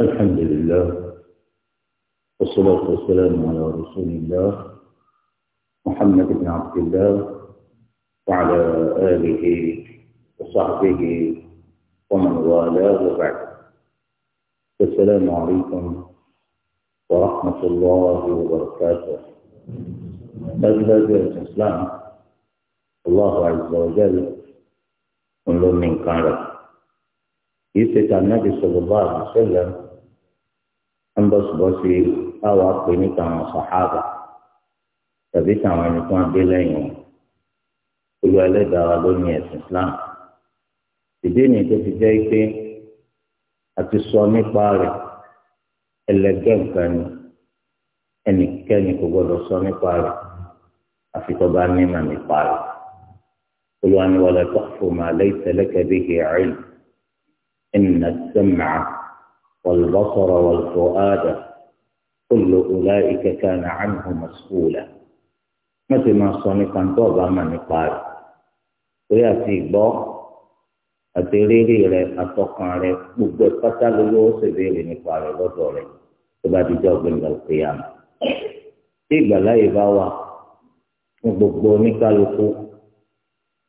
الحمد لله والصلاة والسلام على رسول الله محمد بن عبد الله وعلى آله وصحبه ومن والاه وبعد السلام عليكم ورحمة الله وبركاته أجل الإسلام الله عز وجل من كان kìí ṣe tà nàbì sallallahu alaihi wasallam ń bọ̀ ṣùgbọ́ sí àwọn àpè nípa àwọn sàhábà tàbí tàwọn ẹni tó ń gbé lẹ́yìn wọn olú ẹlẹ́dàá ló ní ẹ̀sìn Islam ìdí nìyí tó fi jẹ́ pé a ti sọ nípa rẹ̀ ẹlẹgẹ́ ni ẹnikẹ́ni kò gbọdọ̀ sọ nípa rẹ̀ àfi ní màmí pa rẹ̀ olú wa ni wala taqfu ma laysa laka bihi ilm. إن السمع والبصر والفؤاد كل أولئك كان عنه مسؤولا مثل ما صنفا توضع من قال ويأتي الله àtẹ̀rẹ́rẹ́ rẹ àtọkàn rẹ gbogbo pátá ló yóò ṣe béèrè nípa rẹ lọ́dọ̀ rẹ tó bá di jọ́gbìn lọ́kùnrin tí ìgbàláyè bá wà ní gbogbo oníkálukú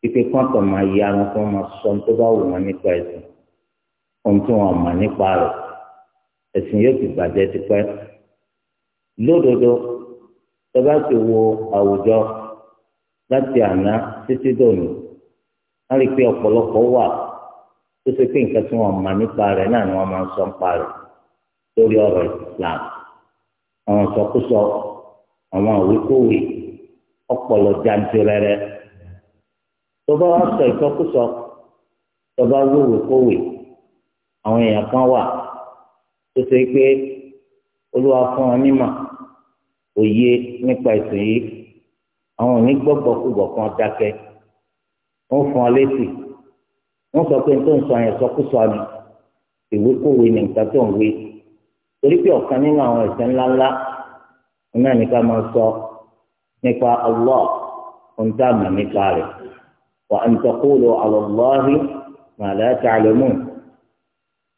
ike kọ́ńtọ̀ máa yára fún ọmọ sọ tó bá wù wọ́n nípa ẹ̀sìn ohun tí wọn mọ̀ nípa rẹ̀ ẹ̀sìn yóò ti bàjẹ́ tipẹ́ lódodo tó bá ti wo àwùjọ láti àná títí dòní wọn rí i pé ọ̀pọ̀lọpọ̀ wà tó ṣe pé nǹkan tí wọn mọ̀ nípa rẹ̀ náà ni wọ́n máa ń sọ nípa rẹ̀ lórí ọ̀rọ̀ Islam àwọn sọkúsọ àwọn àwíkówì ọpọlọ jantirẹrẹ tó bá wá sọ ìsọkúsọ tó bá wíwèkówì àwọn èèyàn kan wà tó ṣe pé olúwa fún wọn nímọ̀ òye nípa ètò yìí àwọn òní gbọ́gbọ́kúgbọ̀ kan dákẹ́ wọ́n fún ọ létí wọ́n sọ pé tó ń sọ àyàn sọkúsọ ni ìwékòwé ní nǹkan tó ń wé torí pé ọ̀kan nínú àwọn ẹ̀ṣẹ̀ ńláńlá náà ní máa sọ nípa Allah ohun tá a mọ̀ nípa rẹ̀ wa an taqulu ala Allahi ma la ta'lamun.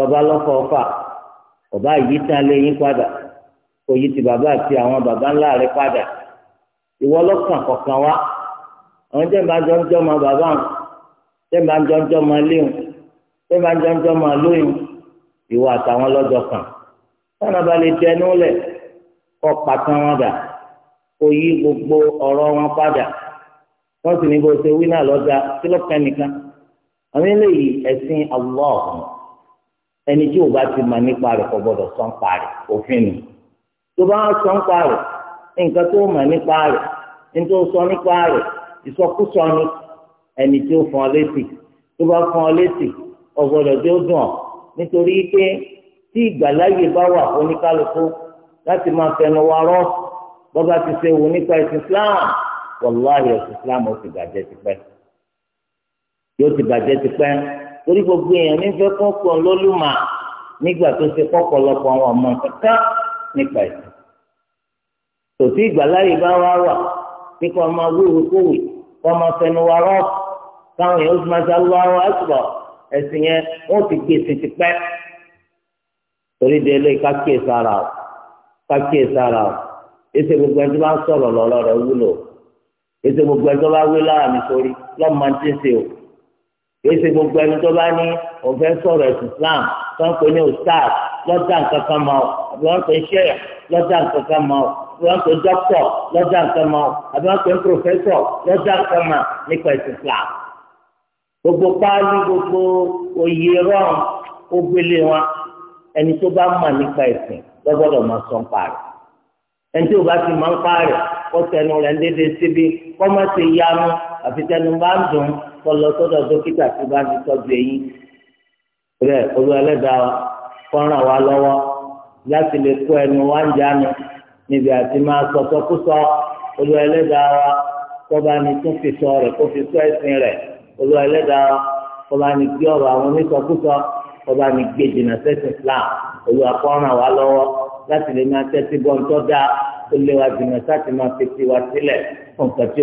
tọba lọ́kọ̀ ọ̀fà ọba yìí tán lé yín padà kò yí ti bàbá àti àwọn bàbá ńlá rẹ padà ìwọ lọ́kàn kọ̀ọ̀kan wá àwọn jẹ́ bá jọ ń jọ ọmọ bàbá wọn jẹ́ bá jọ ń jọ ọmọ léwọn jẹ́ bá jọ ń jọ ọmọ lóyún ìwọ àtàwọn lọ́jọ́ kan táwọn bá lè tẹnu lẹ̀ kọ́ pàtàn wọn dà kò gbogbo ọ̀rọ̀ wọn padà wọ́n sì ní bó ṣe wí náà lọ́jà sílọ́kàn nìkan àwọn eléyìí ẹ̀sìn àwùwọ́ ọ̀hún ẹni tí o bá ti mọ̀ nípa rẹ̀ kò gbọ́dọ̀ sọ ń pa rẹ̀ òfin nù tó bá sọ ń pa rẹ̀ nǹkan tó mọ̀ nípa rẹ̀ ní tó sọ nípa rẹ̀ ìsọkúsọ ni ẹni tí ó fọn létí tó bá fọn létí o gbọ́dọ̀ tí dùn ọ́ nítorí pé tí ìgbàláyè bá wà oníkálukú láti máa fẹnu wa rọ ti ṣe wò nípa ẹ̀sìn Islam wàláhì ẹ̀sìn Islam ó ti bàjẹ́ tipẹ́ yóò ti bàjẹ́ tipẹ́ torí gbogbo èèyàn ní fẹ́ kọ́kọ́ lọ́lùmọ̀ nígbà tó ṣe kọ́kọ́ lọ́pọ̀ àwọn ọmọ kankan nípa ẹ̀. tòtí ìgbàláyè bá wá wà bí kò máa wíwí kówì kò máa fẹnu wa rọ́ káwọn èèyàn ó máa ṣàlùwà wá sùpọ̀ ẹ̀sìn yẹn wọ́n ti gbé èsì ti pẹ́. torí de ilé kákíyè sára o kákíyè sára o èsì gbogbo ẹni tó bá ń sọ̀rọ̀ lọ́lọ́ wúlò èsì gbogbo ẹni tó bá wí láàmì sórí lọ́ọ́ kìí ṣe gbogbo ẹni tó bá ní ọ̀fẹ́ sọ̀rọ̀ ẹ̀sìn Islam tó ń pè ní ustaz lọ́jà nǹkan kan mọ́ àbí wọ́n pè ń ṣẹ́yà lọ́jà nǹkan kan mọ́ àbí wọ́n pè ń dókítọ̀ lọ́jà nǹkan mọ́ àbí wọ́n pè ń pòfẹ́sọ̀ lọ́jà nǹkan mọ́ nípa ẹ̀sìn Islam. gbogbo páálí gbogbo oyè rọrùn ó gbélé wọn ẹni tó bá mọ̀ nípa ẹ̀sìn lọ́gbọ́dọ̀ máa sọ ń parẹ́ ẹni tó bá ti máa ń parẹ́ kọ́ àfi tẹnu bá ń dùn kọ lọ sọ́dọ̀ dókítà tó bá ti tọ́jú eyín rẹ olú ẹlẹ́dàá fọ́nrán wa lọ́wọ́ láti lè kó ẹnu wá ń jánu níbi àti máa sọsọkúsọ olú ẹlẹ́dàá wa kọba ni tún fi sọ rẹ kó fi sọ ẹ̀sìn rẹ olú ẹlẹ́dàá wa kọba ni gbé ọ̀rọ̀ àwọn onísọkúsọ kọba ni gbé jìnnà sẹ́sìn Islam olú akọ́ràn wa lọ́wọ́ láti lè máa tẹ́tí bọ́ńtọ́ dáa ó léwájú náà sáà ti máa fi tiwa sílẹ̀ fún nǹkan tí